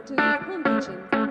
to Clem Kitchen.